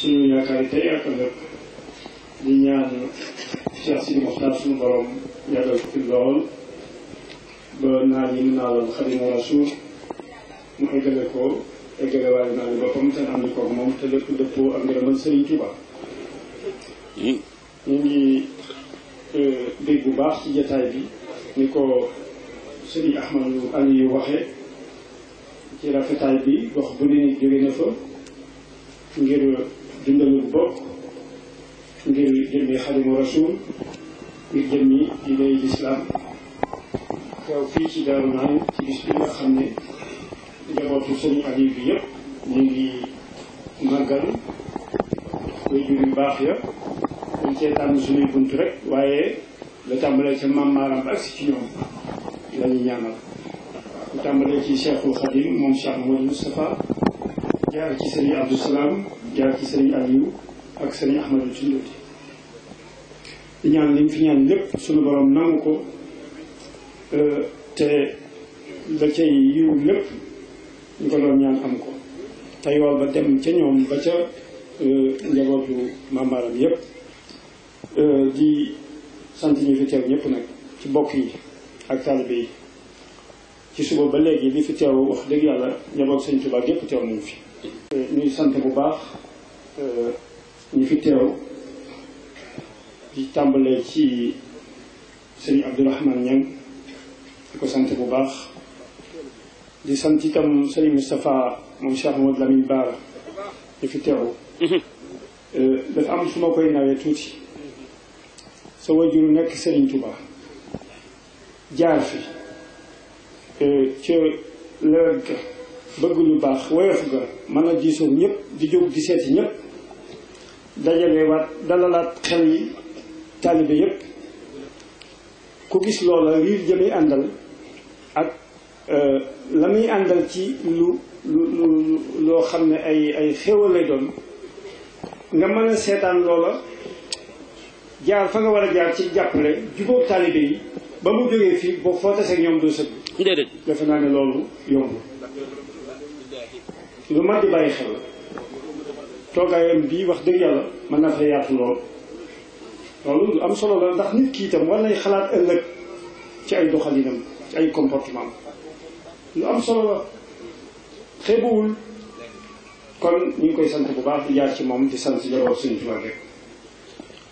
suñu yaakaar tey ak ëllëg di ñaan Cheikh Sidi Mokhtar suñu borom yàggal ko fi lool ba naa ñu naaloon Xadimu Rasuul mu eggale ko eggale waaye naa li boppam te ànd koog moom te lépp dëppoo ak ngërëmal Sëriñ Tuuba ñu ngi dégg bu baax ci jataay bi ni ko Sëriñ Ahmadu Aliyu waxee ci rafetaay bi wax bu ne jóge na fa ngir dundaluñ ko ngir jëmmi xadimu rasul ngir jëmmi dinay lislaam teew fii ci daaru naan ci bis bi nga xam ne njabootu sëriñ Aliou bi yëpp ñu ngi màggal way jur baax ya dañ cee tànn suñuy bunt rek waaye la tàmbalee ca maam maaram ba agsi ci ñoom lañu ñaanal ku tàmbalee ci Cheikhul Khadim moom Cheikh Mouhamadou Moustapha jaar ci sëriñ Abdou Salaam jaar ci sëriñ Aliou ak sëriñ Ahmadou ci di ñaan li mu fi ñaan lépp suñu borom nangu ko te la cay yiw lépp ñu ko doon ñaan am ko tey wal ba dem ca ñoom ba ca e, njabootu màmbaaram yépp e, di sant ñi fi teew ñëpp nag ci bokk yi ak taalibe yi ci suba ba léegi li fi teew wax dëgg yàlla njaboot sëñ Tuubaa gépp teew nañu fi ñuy sant bu baax euh, ñu fi teew di tàmbalee ci sëñ Abdourahmane Niang di ko sant bu baax di sant tam sëñ Moustapha moom Cheikh Mamadou Lamine Bara ñi fi teew mhm. euh, dafa am su ma koy nawee tuuti sa wajur nekk Sëriñ Tuba jaar fi euh, ca lëg bëgg lu baax woyof ga mën a jiisoo ñëpp di jóg di seeti ñëpp dajale waat dalalaat xel yi taalibe yëpp ku gis loola riir jëmay àndal ak euh, la muy àndal ci lu lu lu loo xam ne ay ay xéewal lay doon nga mën a seetaan loola jaar fa nga war a jaar ci jàppale jubóob taalibe yi ba mu jógee fii boo foo tasee ak doo sëgg. déedéet defe naa ne loolu yomb. lu mat di bàyyi xel toogaayam bii wax dëgg yàlla ma naa fa lool loolu lu am solo la ndax nit ki itam war nay xalaat ëllëg ci ay doxalinam ci ay comportement lu am solo la xeebuwul kon ñu ngi koy sant bu baax di ci moom di sant jaroo suñu tubaab rek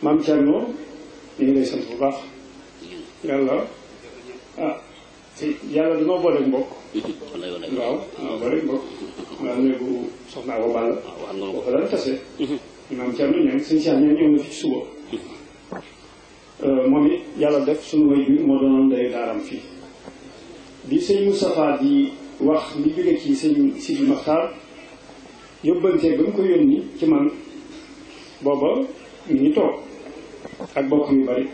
maam Thierno ñu ngi lay sant bu baax yàlla ah, yàlla du ma booleeg mbokk. waaw ma mbokk. maanaam léegi soxna Awa Balla. waaw ah, waaw waaw fa daan tase. maanaam mhm. Thierno Niang suñu si àndee ñëw na fi suba. Mhm. Euh, moom it yàlla def suñu way moo doonoon day daaram fii. bi sëñ Moustapha di wax li jóge ci sëñ Sidi Maxtaar yóbbante ba mu ko yónni ci man booba mi ngi toog ak bokk mi bari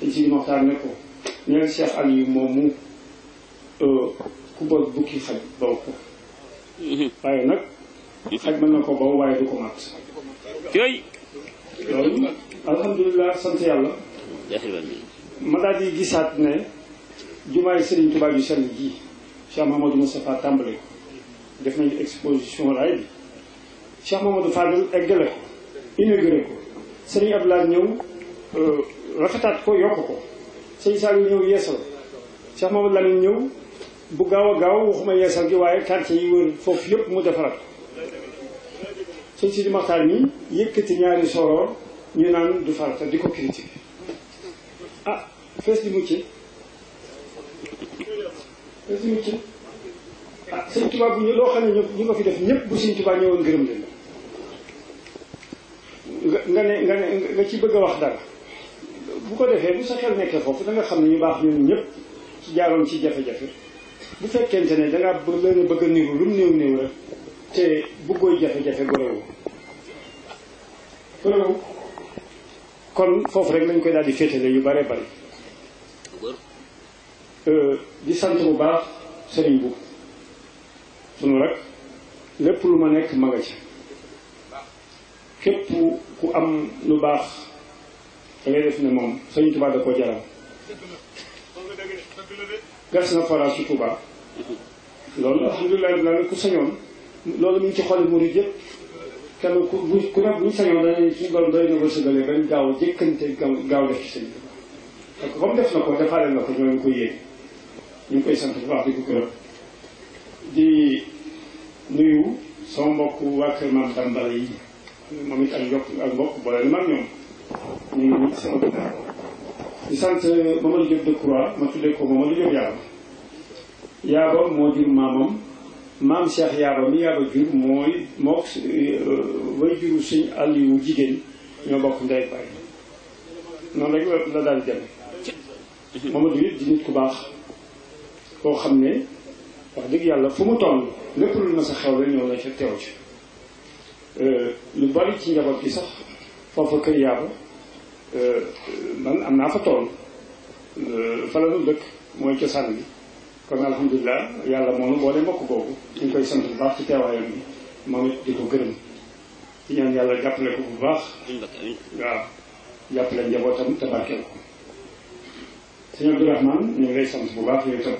sëñ Sidi Maxtaar ne ko ñeel Cheikh Aliou moomu. Euh, ku bon bukki xaj doo mhm. waaye nag xaj mën na ko ba waaye du ko mat yooyu alhamdulilah sant yàlla ma daal di gisaat ne jumaay Sëriñ Tuubaa yu sell ji Cheikh Mahamadou Moustapha tàmbali ko def nañu exposition raay bi Cheikh Mamadou Fadil eggale ko inauguré ko Sëriñ Abdoulaye ñëw euh, rafetaat ko yokk ko sëñ Sall ñëw yeesal Cheikh Mamadou Lamine ñëw bu gaaw a gaaw waxuma yeesal gi waaye quartier yi wër foofu yëpp mu defaral sëñ si di maxtaar mi yëkkati ñaari soroor ñu naan du farata di ko critiquer ah fees di mucce fees di mucce ah sëñ tubaab bu ñu loo xam ne ñu nga fi def ñëpp bu sëñ tubaab ñëwoon gërëm leen nga ne nga ne nga ci bëgg a wax dara bu ko defee bu sa xel nekkee foofu da xam ne ñu baax ñun ñëpp ci jaaroon ci jafe-jafe bu fekkente ne dangaa leen bëgg a niru lu mu néew néew la te bëggooy jafe-jafe gorowu kon foofu rek lañ koy daal di féetale yu bare bari euh, di sant bu baax sëriñ bu sunu rek lépp lu ma nekk ma nga képp ku am lu baax da def ne moom sëriñ Tuubaa da koo jaral gas na forage ci Touba loolu alhamdulilah rabbil alamin ku sañoon loolu mu ci xoli murid yëpp kenn ku ku ne bu ñu sañoon dañuy suñu borom doy na wërsëgale bañ gaaw jëkkante gaaw gaaw ci sëñ Touba parce que ba mu def na ko defaale na ko ñoo ngi koy ñu ngi koy sant bu baax di ko gërëm di nuyu sama mbokk waa kër Maam Dambal yi moom it ak yokk ak ni mag ñoom ñu ngi sama di sant Mamadou Diop Decroix ma tuddee ko Mamadou Diop Yaaba Yaaba moo jur maamam maam Cheikh Yaaba mi Yaaba jur mooy mook euh, way juru sëñ Aliou jigéen ñoo bokk ndey baay noonu rek la daal dem Mamadou it di nit ku baax koo xam ne wax dëgg yàlla fu mu toll lépp lu ma sa xew la ñëw ca teew ci euh, lu bari ci njaboot gi sax foofa kër Yaaba Euh, man am naa fa tool euh, fa mooy cosaan bi kon alhamdulilah yàlla moom boole bokk boobu ñu koy sant bu baax ci teewaayam bi moom it di ko gërëm di ñaan yàlla jàppale ko bu baax waaw jàppale njabootam te barkeel ko sëñ Abdourahmane ñu ngi lay sant bu baax yow itam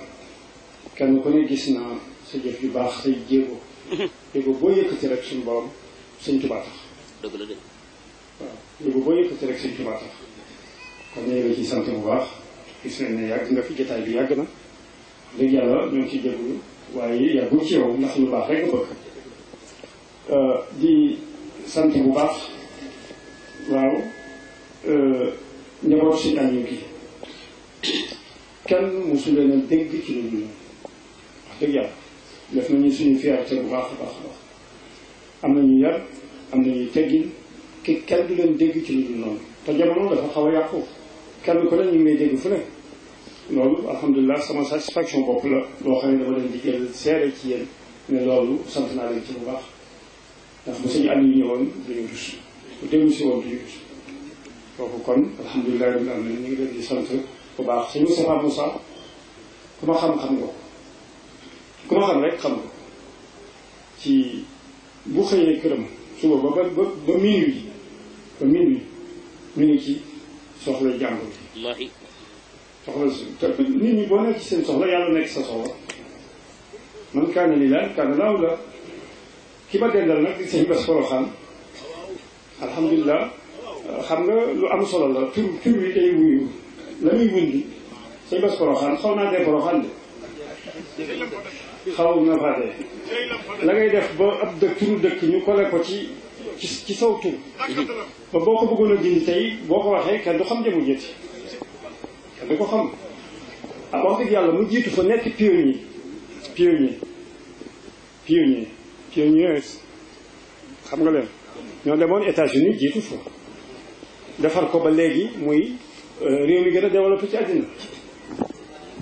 kenn ku ne gis naa sa jëf yu baax say jéego jéego boo yëkkati rek suñu borom sëñ Tuubaa tax li bu bëri tuuti rek sëñ Tuubaa tax kon ñu ngi ciy sant bu baax gis nañ ne yàgg nga fi jotaay bi yàgg na dëgg yàlla ñu ngi ciy jégalu waaye yàggul ci yow ndax lu baax rek nga bëgg di sant bu baax waaw njaboot si nañu gi kenn mosu leen a dégg ci lu ñu wax dëgg yàlla def nañu suñu fierté bu baax a baax a baax am nañu yar am nañu teggin ki kenn du leen dégg ci lu dul noonu te jamono dafa xaw a yàqu kenn ku ne ñu ngi lay dégg fu ne loolu alhamdulilah sama satisfaction bopp la loo xam ne dama leen di jël seere ci yéen ne loolu sant naa leen ci bu baax ndax bu suñu am yi ñëwoon duñu dus bu déglu kon alhamdulilah rabbil alamin ñu ngi baax suñu Moustapha Moussa ku ma xam-xam nga ku ma xam rek xam nga ci bu xëyee këram suba ba ba ba miir yi ba minuit ñu ngi ci soxla jàmbur yi. soxla si nit ñi boo nekk ci seen soxla yàlla nekk sa soxla man kaana lillaahi kaana la ki ma dendal nag di sëñ Bass Porokhane alhamdulilah xam nga lu am solo la tur tur wi day wuyu la muy wundi sëñ Bass Porokhane xaw naa dee Porokhane de xaw na faa dee la ngay def ba ab dëkk dëkk ñu kole ko ci ci ci saw tur ba boo ko bëggoon a dindi tey boo ko waxee kenn du xam jëmu jëti kenn du ko xam ah wax dëgg yàlla mu jiitu fa nekk pionnier pionnier pionnier pionniers xam nga leen ñoo demoon États-Unis jiitu fa defar ko ba léegi muy euh, réew mi gën a développé ci àddina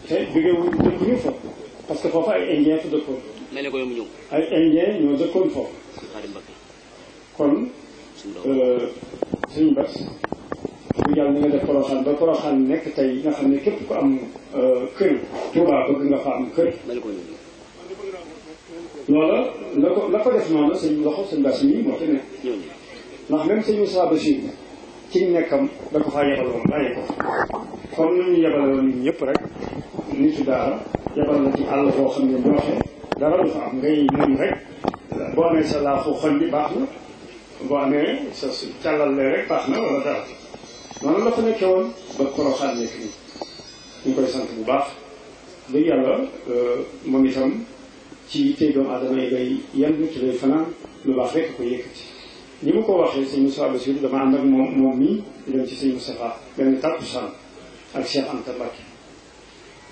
te jógewu dëkkuñu fa parce que foofa ay indien fa dëkkoon ay indien ñoo dëkkoon foofu kon suñu euh, bas bu yàlla ni nga def poroxaan ba poroxaan nekk tey nga xam ne képp ku am euh, kër Tuubaa bëgg nga fa am kër loola la ko la ko def noonu sëñ loxo sëñ bas mi moo ci nekk ndax même sëñ Moussa Bachir ci nekkam da ko faa yebal woon bàyyi ko comme ni ñu yebal rek nitu daara yebal la xam ne booxe dara du fa am ngay mën rek boo nee sa bi baax na boo amee sa càllal la rek baax na wala dara noonu la fa nekkee woon ba Porokhane nekk nii ñu koy sant bu baax dëgg yàlla euh, moom itam ci tey doomu aadama yi lay yenn ci lay fanaan lu baax rek ko yëkkati ni mu ko waxee sëñ Moussa Bassirou dama ànd ak moom mi mii di dem ci sëñ Moustapha benn tàkkusaan ak Cheikh Anta Mbacke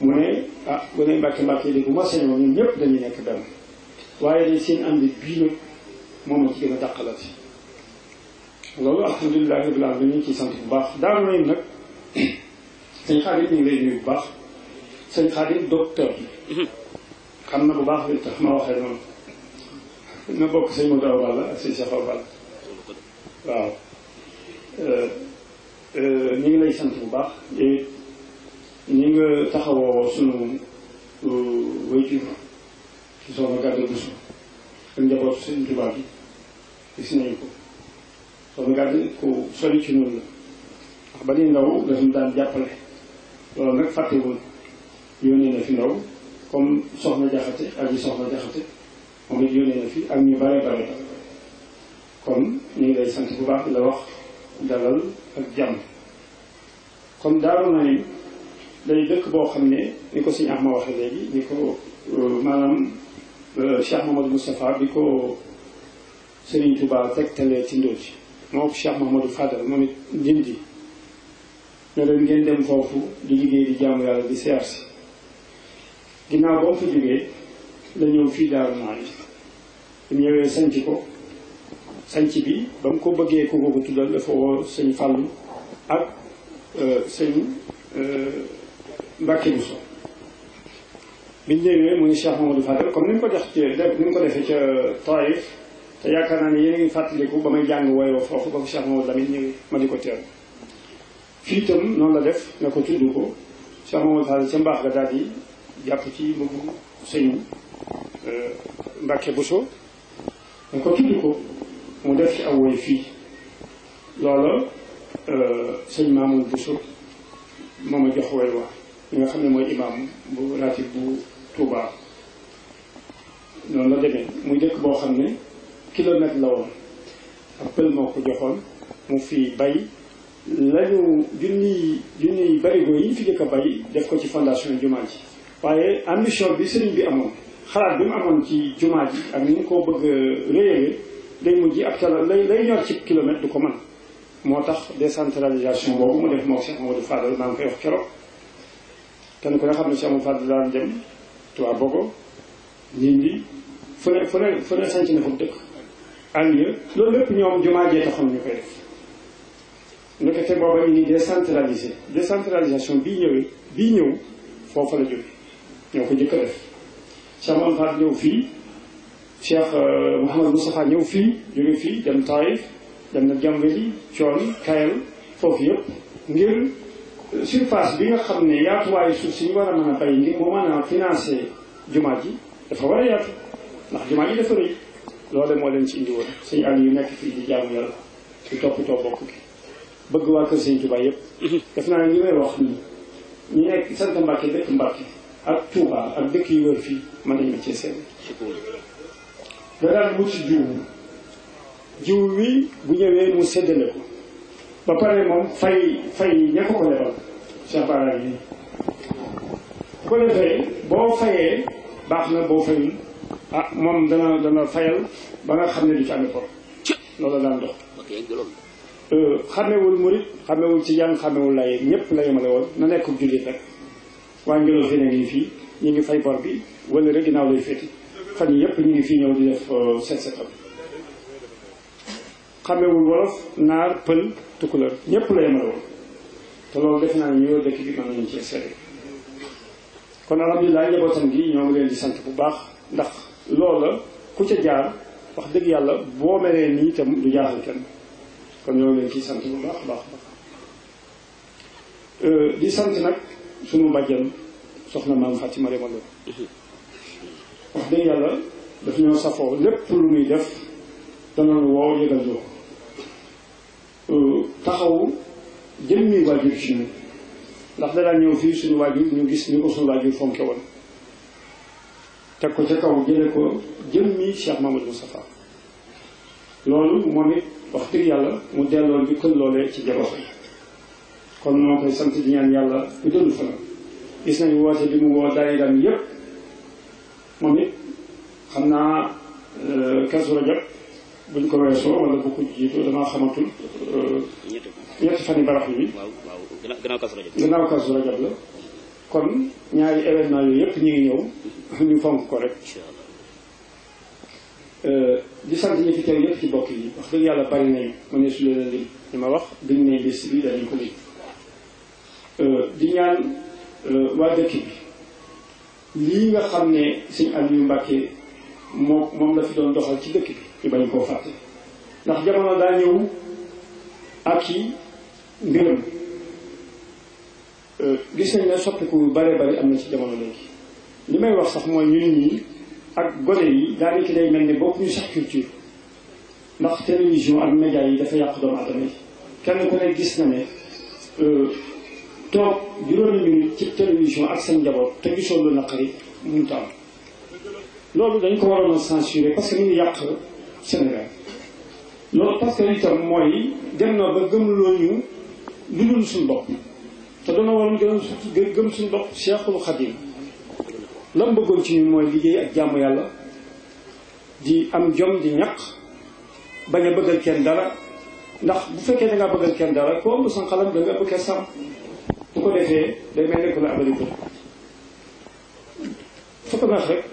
mu ne ah bu ne Mbacke Mbacke de bu ma sañoon ñun ñëpp dañuy nekk benn waaye day seen ànd bii nag moom a ci gën a dàqalati loolu alhamdulilah rabbil alamin ñu ciy sant bu baax daal may nag sëñ Xaadim ñu ngi lay nuyu bu baax sëñ Xaadim docteur na bu baax li tax ma waxee noonu na bokk sëñ Modou Awa Balla waaw euh, euh, ñu ngi lay sant bu baax et ñi nga taxawoo sunu euh, wéyjur ci soxna gàdda kon nga ni ku sori ci la ndax ba ñuy ndaw dañu daan jàppale loolu nag fàttewul yónnee na fi ndaw comme soxna jaxate ak yi soxna jaxate moom it yónnee na fi ak ñu bare bare kon ñu ngi lay sant bu baax la wax dalal ak jàmm kon daaru na day dëkk boo xam ne ni ko sëñ Ahma waxee léegi ni ko euh, maanaam euh, Cheikh Mamadou Moustapha bi ko Serigne Touba tegtalee ci ndóol ci moom Cheikh Mahamadou Fadal moom it ndindi ne leen ngeen dem foofu di liggéey di jaamu yàlla di seer si ginnaaw boo fa jógee la ñëw fii daaru naan yi mu ñëwee sanc ko sanc bi ba mu ko bëggee ku ko ko tuddal dafa woo sëñ Fàllu ak euh, sëñ euh, Mbàkke Buso biñ ñëwee mu ne Cheikh Mahamadou Fadal comme ni mu ko def ci ni mu ko defee ca Taif te yaakaar naa ne yéen a ngi fàttaliku ba may jàng woy wa foofu ba ko Cheikh Mamadou Lamine ñëwee ma di ko teeru fii itam noonu la def ne ko tudd ko Cheikh Mamadou Fall jàpp ci mbëggu sëñ euh, Mbacke Bousso ko def ci aw woy fii loola euh, sëñ Mamoun Bousso moom a jox woy wa li nga xam ne mooy imaam bu ratib bu Touba noonu la demee muy dëkk boo xam ne kilomètre la woon ak pël moo ko joxoon mu fi bay lañu junniy junniy barigo yi ñu fi jëkk bay def ko ci fondation jumaa ji waaye ambition bi sëriñ bi amoon xalaat bi mu amoon ci jumaa ji ak ni ñu ko bëgg réyale day mujj ak tala lay lay ñor ci kilomètre du ko mën moo tax décentralisation boobu mu def moo Cheikh Amadou Fadal maa ngi koy wax keroog kenn ku ne xam ne Cheikh Amadou Fadal daan dem Tuubaa Bogo Ndindi fu ne fu ne fu ne sanc na fa dëkk àlliya loolu lépp ñoom jumaa jee taxoon ñu koy def ndekete booba ñu ngi décentralisé décentralisation bii ñëw foofa la jóge ñoo ko jëkk def Cheikh Mame Faat ñëw fii Cheikh euh, Mouhamadou Moustapha ñëw fii jóge fii dem Taïf dem na Jambéli Thion Kayel foofu yëpp ngir euh, surface bi nga xam ne yaatuwaayu suuf si ñu war a mën a bay ngir moo mën a financé jumaa ji dafa war a yaatu ndax jumaa ji dafa rëy loole moo leen ci indi woon sëñ yu nekk fii di jaamu yàlla di toppatoo bokk gi bëgg waa kër sëñ Tuubaa yëpp mhm. def naa ne ñu wax nii ñu nekk sant Mbàkke dëkk Mbàkke ak Tuubaa ak dëkk yu wër fii mën nañu ma cee ci jiw jiw wi bu ñëwee mu séddale ko fay fay ña defee boo fayee baax na boo fayul ah moom dana dana fayal ba nga xam ne du ci amee bor loolu daan dox euh, xamewul murit xamewul ci jàng xamewul lay ñëpp la yemale woon na nekk jullit rek waa Ngélo fi ne ngi fii ñu ngi fay bor bi wala rek ginnaaw lay féeti fan yi ñu ngi fii ñëw di def euh, seet seetal xamewul wolof naar pël tukkulër ñëpp la yemale woon te loolu def naa ne ñu dëkk bi mën nañu cee seede sant bu baax ndax loola ku ca jaar wax dëgg yàlla boo meree nii itam du jaaxal kenn kon ñoo leen ciy sant bu baax a baax baax euh, di sant nag sunu bàjjan soxna maam Fatima Mariama Lo wax dëgg yàlla daf ñoo safoo lépp lu muy def danañ woo yëgal ñoo ko euh, taxaw jëmmi waajur ci ñun ndax danaa ñëw fii suñu waajur ñu gis ñu ko suñu waajur teg ko ca kaw jële ko jëmmi Cheikh Mamadou Moustapha loolu moom it wax dëgg yàlla mu delloo bi kël loolee ci jabootam yàlla bu dund fa gis xam naa euh, Kazu Rajab buñ ko weesoo wala bu ko jiitu damaa xamatul euh, ñetti fan yi barax yi gannaaw Kazu Rajab la kon ñaari événement yooyu yëpp ñu ngi ñëw ñu fonk ko rek euh, di sant ñi fi teew yëpp ci bokk yi wax yàlla bari nañ ma ne su leen li ñu ma wax biñ ne bis bi danañ ko lii euh, di ñaan euh, waa dëkk bi lii nga xam ne sëñ Aliou Mbàkke moo moom moom la fi doon doxal ci dëkk bi ñu bañ koo fàtte ndax jamono daa ñëw ak yi mbiram gis nañ ne soppiku yu bare bari am na ci jamono léegi li may wax sax mooy ñun ñii ak gone yi daanaka day mel ni bokkuñu sax culture ndax télévision ak média yi dafa yàq doomu aadama yi kenn ku ne gis na ne euh, toog juróomi minute ci télévision ak seen njaboot te gisoo lu naqari mënut a am loolu dañ ko waroon a censurer parce que ñu yàq Sénégal loolu parce que itam mooy dem na ba gëmloo ñu lu dul suñu bopp te dana waroon gën gën gëm suñu bopp Cheikhul Khadim lam bëggoon ci ñun liggéey ak jàmm yàlla di am jom di ñaq bañ a bëggal kenn dara ndax bu fekkee da ngaa bëggal kenn dara ku ëmb sa xalam da nga ëpp bu ko defee day mel ne ku la rek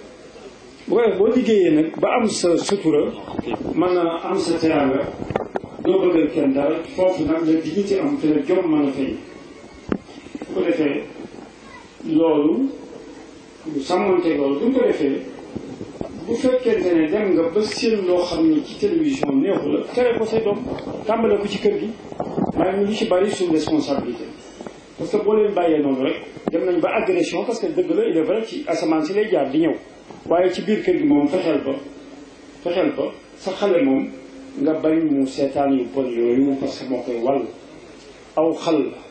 boo liggéeyee nag ba am sa sutura mën a am sa teraanga doo bëggal kenn dara foofu nag la dignité am te la jom mën a fay ko defee loolu ñu sàmmante loolu bu ko defee bu fekkente ne dem nga ba seen loo xam ne ci télévision neexu la tere ko say doom tàmbale ko ci kër gi waaye ñu lu ci bari suñu responsabilité parce que boo leen bàyyee noonu rek dem nañ ba agression parce que dëgg la il est vrai ci asamaan si lay jaar di ñëw waaye ci biir kër gi moom fexeel ba fexeel ba sa xale moom nga bañ mu seetaan yu bon yooyu parce que moo koy wàll aw xal la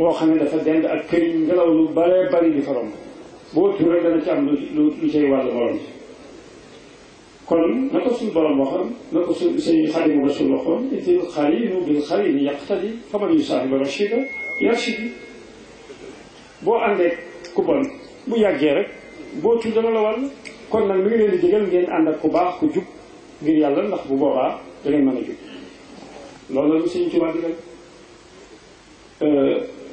wo xam ne dafa dend ak kër yu ngelaw lu bare bari di faram boo tuuree dana ci am lu lu cay wàll borom kon na ko suñ borom waxoon na ko suñ sëñ xadimu rasul waxoon itil xalilu bil xalili yaqtadi faman yusaahiba rachida yarchidi boo àndee ku bon bu yàggee rek boo tuur dana la wàll kon nag mi ngi leen di digal ngeen ànd ak ku baax ku jub ngir yàlla ndax bu boobaa dangay mën a jub loolu la lu sëñ ci wàddi rek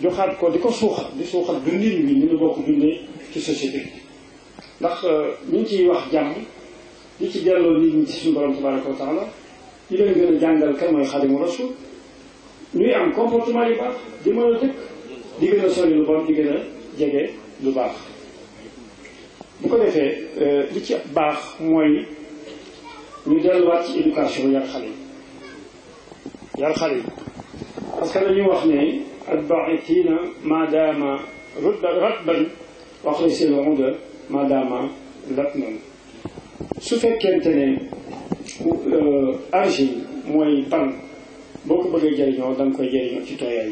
joxaat ko di ko suuxat di suuxat dundin bi ni ñu bokk dundee ci société bi ndax euh, ñu ngi ciy wax jàmm li ci delloo nit ñi ci suñu borom tabaraka wa taala di leen gën a jàngal kan mooy xadimu rasul ñuy am comportement yu baax di mën a dëkk di gën a sori lu bon di gën a jege lu baax bu ko defee euh, li ci baax mooy ñu delluwaat ci éducation yar xale yi yar xale yi parce dañuy wax ne الباعثين ما دام رتبا waxrisi lxuda madama latnan su fekkente ne euh, argile mooy ban boo ko bëggee jëriñoo da nga koy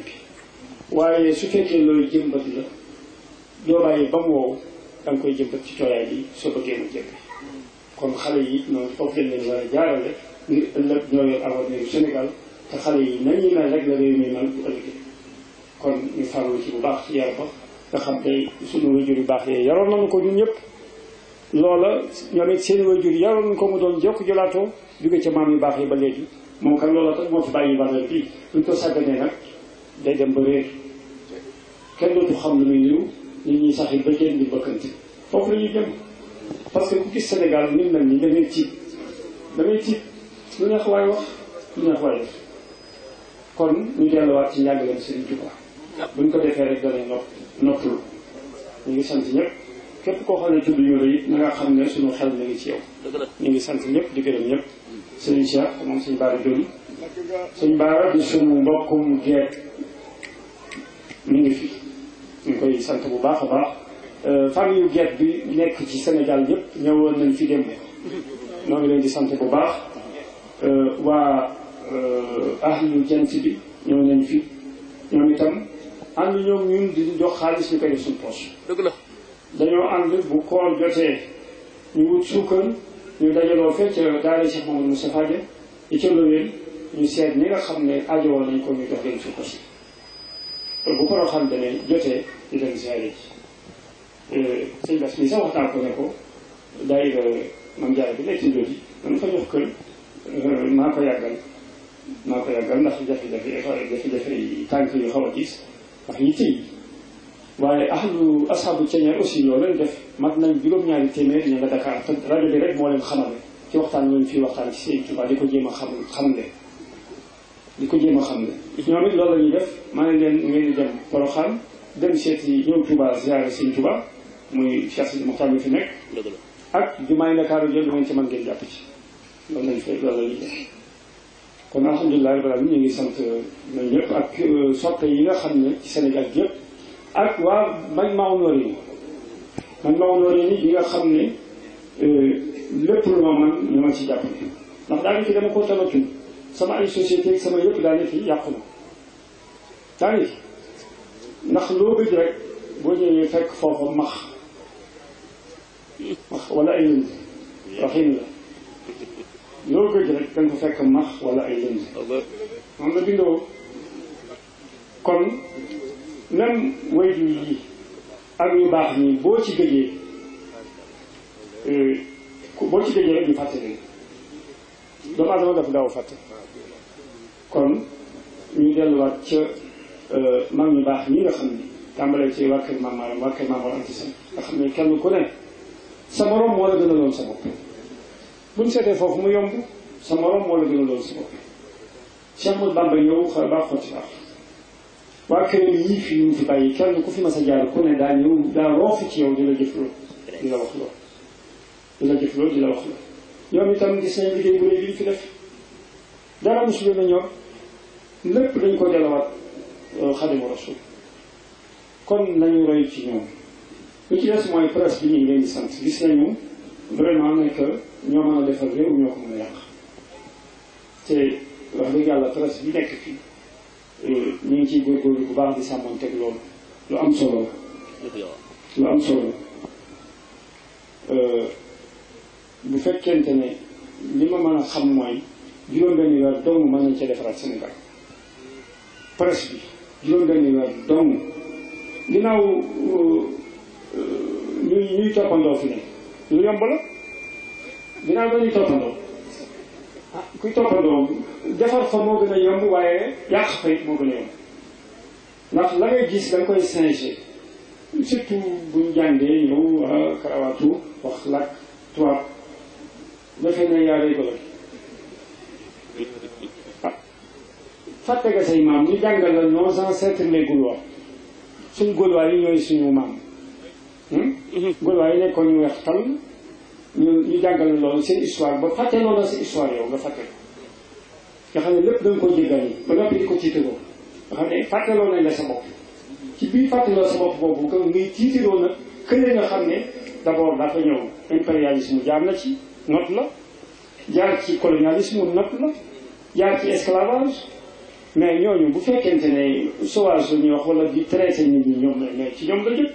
bi waaye su fekkee loolu jëmbat la ba mu wow da nga koy jëmbat ci bi soo bëggee mu jëmbe kon xale yi noonu foofu lañ leen war a jaarale ngir ëllëg ñoo yor avenir mi mel bu ëllëgee kon ñu farlu ci bu baax ci yar nga xam tey suñu wajur yu baax yee yaroon nañu ko ñun ñëpp loola ñoom it seen wajur yaroon nañu ko mu doon jokk jolaatoo jóge ca maam yu baax yi ba léegi moom kan loola tax moo fi bàyyi bareel bii buñ ko sàgganee sax yi ba jën di foofu la ñuy parce que ku gis Sénégal nit mel ni da ngay tiit da ngay tiit lu neex waay wax lu neex waay kon ñu delluwaat ci njàngaleem Serigne Touba buñ ko defee rek danañ nopp noppalu ñu ngi sant ñëpp képp koo xam ne tudd ñu la it nga xam ne suñu xel mi ci yow ñu ngi sant ñëpp di gërëm ñëpp sëñ Cheikh moom sëñ Baara Diop sëñ Baara di suñu mbokkum geet ngi fi ñu ngi koy sant bu baax a baax euh, famille yu bi nekk ci senegal yëpp ñëwoon nañ fi démb ñoo ngi leen di sant bu baax euh, waa euh, ahlu jant bi ñëw nañ fi ñoom itam ànd ñoom ñun di jox xaalis ñu koy suñ poche. dëgg la dañoo ànd bu koor jotee ñu wut suukar ñu dajaloo fekk ca daara Cheikh Mamadou Moussa Fadé di ca yi ñu seet ni nga xam ne aajowoo nañ ko ñu jox leen suukar si bu ko xam ne jotee di dem ziare ji euh, sëñ Bas mi sax waxtaan ko ne ko daayira man jaay bi nekk ci ndóol yi man fa jox kër euh, maa ko yàggal maa ko yàggal ndax jafe-jafe jafe-jafe tànk yu xaw a ak yitte yi waaye ahlu asxaabu ceeñeer aussi loolu leen def mat nañ juróom-ñaari téeméer ña nga Dakar te rajo bi rek moo leen xamale ci waxtaan loolu fii waxtaan di ko jéem a xam xam di ko jéem a xam ne ñoom loolu la def maa ngi leen ngeen di dem Poroxaan dem seeti ñëw Tuubaa ziyaare seen Tuubaa muy Cheikh Sidi Moxtaar mi fi nekk ak jumaay Ndakaaru jël du ngeen ci mën ngeen jàpp ci loolu lañ fay loolu la def kon alhamdulilah rabbil alamin ñu ngi sant ñëpp ak soppe yi nga xam ne ci Sénégal yëpp ak waa Majmahun Nurayni Majmahun Nurayni yi nga xam ne lépp lu ma man ñu ma ci jàpp ndax daanaka dama ko tamacul sama ay société sama yëpp daane fi yàqu na daane fi ndax loo bëgg rek boo ñëwee fekk foofa max max wala ay rahim la loo gëj rek da nga ko fekk wala ay lënd moom la bindoo yi ak ñu baax ñi boo ci gëjee euh, boo ñu fàtte leen doomu adama dafa gaaw fàtte kon ñu delluwaat ca euh, mag ñu baax ñi nga xam ne tàmbalee ci waa kër Maam Maaram waa nga xam ne kenn ku ne sa morom moo la loon sa bopp buñ seetee foofu mu yomb sa morom moo la gën a loolu si bopp Cheikh Ahmadou Bamba ñëw xar baax xotti baax waa këram yii fi ñu fi bàyyi kenn ku fi mas a jaar ku ne daa ñëw daa roofu ci yow di jëf loolu di wax loolu di jëf loolu di wax loolu ñoom itam gis nañ liggéey bu rëy bi fi def dara mosul na ñor dañ ko delawaat euh, xadimu rasul kon nañu roy ci ñoom li ci des mooy presse bi ñu leen sant gis nañu vraiment mooy que ñoo mën a defar réew ñoo ko mën yàq te wax dëgg yàlla presse bi nekk fii euh, ñu ngi ciy góorgóorlu bu baax di sàmmoon teg loolu lu am solo lu am solo euh, bu fekkente ne li ma mën a xam mooy juróom-benni weer dong mën nañ ca defaraat Sénégal presse bi juróom-benni weer dong ginnaaw euh, ñuy ñuy toppandoo fi ne lu yomb la dinaa doon ñu toppandoo ah kuy toppandoo defar fa moo gën a yomb waaye yàq fa it moo gën a yomb ndax la ngay gis da nga koy singer surtout buñ jàngee ñëw ah, karawaatu wax làkk tubaab dafay ne yaa golo ah fàtte nga say maam ñu jàngal la nos ancêtres les Gaulois suñ Gaulois yi ñooy suñu maam. Gaulois yi nekkoon ñu weex tal ñu ñu jàngale loolu seen histoire ba fàtte loolu sa histoire yow nga fàtte ko nga xam ne lépp da nga koo jéggaani ba noppi di ko tiitaroo nga xam ne fàttaloo ci biir fàttaloo sa bopp boobu nga ngay tiitaroo nag kële nga xam ne d'abord dafa ñëw impérialisme jaar na ci not la jaar ci colonialisme not la jaar ci esclavage mais ñooñu bu fekkente ne sauvage la ñuy wax wala di traité nit ñi ñoom la ci ñoom la jëkk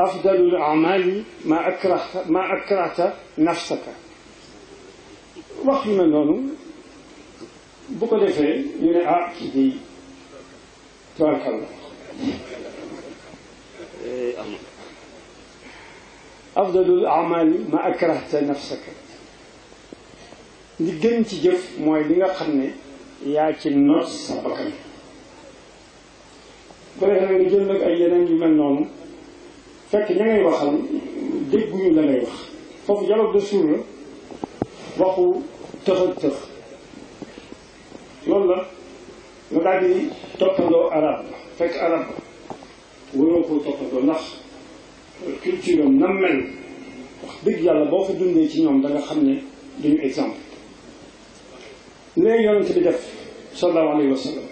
أفضل الأعمال ما أكرهت ما أكرهت نفسك. وقيما نونو بقد في من عاقدي تبارك الله. أفضل الأعمال ما أكرهت نفسك. دي جنت جف موي ليغا خامني يا كي نوت سابقا. بغيت نجيب لك fekk ña ngay waxal dégguñu la ngay wax foofu dialogue de sourds la waxu tëx ak tëx loolu la nga daal toppandoo arab la fekk arab la waroo koo toppandoo ndax euh, culture am wax dëgg yàlla boo fa dundee ci ñoom da xam ne duñu exemple léegi yonent bi def sallallahu alayhi wa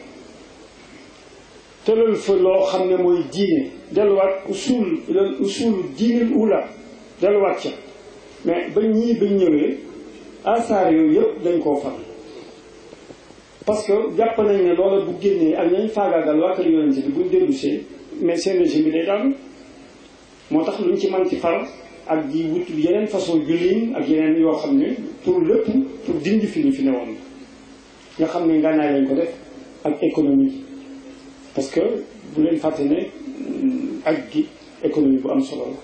tëral fa loo xam ne mooy diine delluwaat usul lan usul diinil ula delluwaat ca mais ba ñii bañ ñëwee asaar yooyu yëpp dañ koo far parce que jàpp nañ ne loola bu génnee ak ñañ faagaagal waa kër yonente bi buñ dellusee mais seen régime bi day daanu moo tax luñ ci man ci far ak di wut yeneen façon julliin ak yeneen yoo xam ne pour lépp pour dindi fi ñu fi newoon nga xam ne ngànnaay lañ ko def ak économie parce que bu leen fàtte ne mm, aj gi économie bu am solo la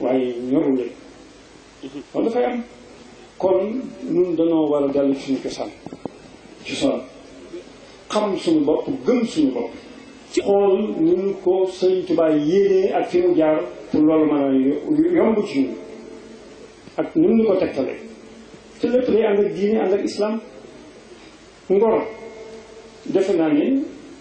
waaye ñoru leen mhm. dafay am kon ñun dañoo war a dellu suñu cosaan ci sonal xam suñu bopp gëm suñu bopp ci xool ni ñu ko sëñ Tuubaa yéenee ak fi mu jaar pour loolu mën a yomb ci ñun ak ni ñu ko tegtalee te lépp lay ànd ak diine ànd ak islam ngor defe naa ne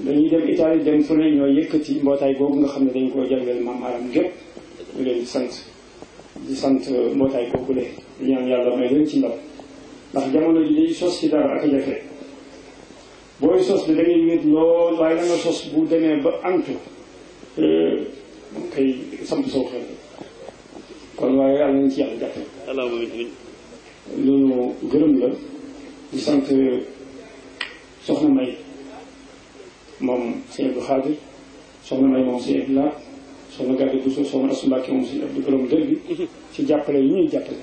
dañuy dem Italie dem fu ne ñoo yëkkati mbootaay googu nga xam ne dañ koo jagleel maam aram gépp ñu leen di sant di sant euh, mbootaay googu le di ñaan yàlla may leen ci ndam ndax jamono ji day sos ci nga sos bu demee ba antu euh, moom koy samp soo xel kon waaye yàlla nañ ci yàlla la di sant euh, soxna moom sëñ Abdou Xaadir soxna May moom sëñ Abdou Laat soxna Gàddu Buso soxna Asu Mbàkke moom sëñ Abdou ci jàppale yi ñuy jàppale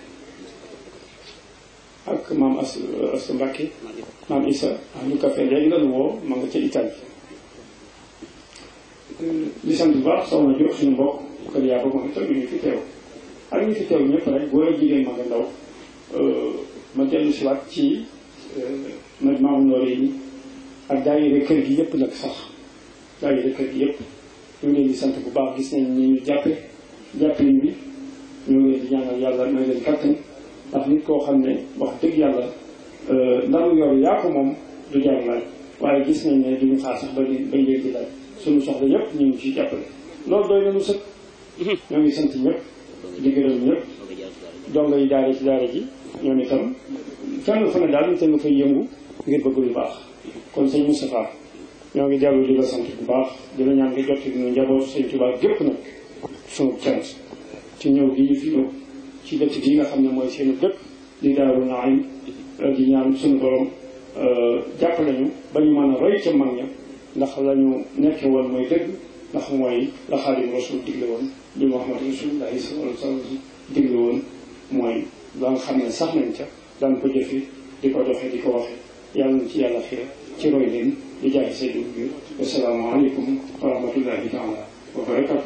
ak maam Asu Mbàkke maam Isa ak ñu kafe léegi lañu woo ma nga ca Italie li sant bu baax soxna Jóob suñu mbokk kër yaa ba moom itam ñu fi teew ak ñu fi teew ñëpp rek góor a jigéen ma nga ndaw euh, ma dellu si waat ci nag maamu ñoore yi ak daayira kër gi yëpp nag sax daayira kër gi yëpp ñu ngi di sant bu baax gis nañ ni ñu bi ñu ngi leen di ñaanal yàlla xam ne wax yàlla euh, ndaru yor yaa ko moom du jar gis nañ ne ba suñu soxla yëpp ñu ngi ciy jàppale loolu doy nañu sëkk ñoo ngi sant ñëpp di gërëm ñëpp donga yi daara ci daara ji ñoom itam fenn fu daal te nga fay yëngu ngir bëgg lu baax kon sëñ Moustapha ñoo ngi dellu di la sant bu baax di la ñaan nga jot ci ñu njabootu sëñ Tuubaa gépp nag sunu cant ci ñëw gi ñu fi ñëw ci dëkk bi nga xam ne mooy seenu dëkk di Daaru Naim di ñaan suñu borom euh, jàppale ñu ba ñu mën a roy ca mag ña ndax la ñu nekk woon mooy dëgg ndax mooy la Xaadimu Rasuul digle woon li Muhammad Rasulullaahi sallallaahu alayhi wa sallam digle woon mooy la nga xam ne sax nañ ca daan ko jëfe di ko doxee di ko waxee yàlla na ci yàlla xeer ci roy leen di jaay seen dugub bi asalaamaaleykum wa rahmatullahi taala wa barakatu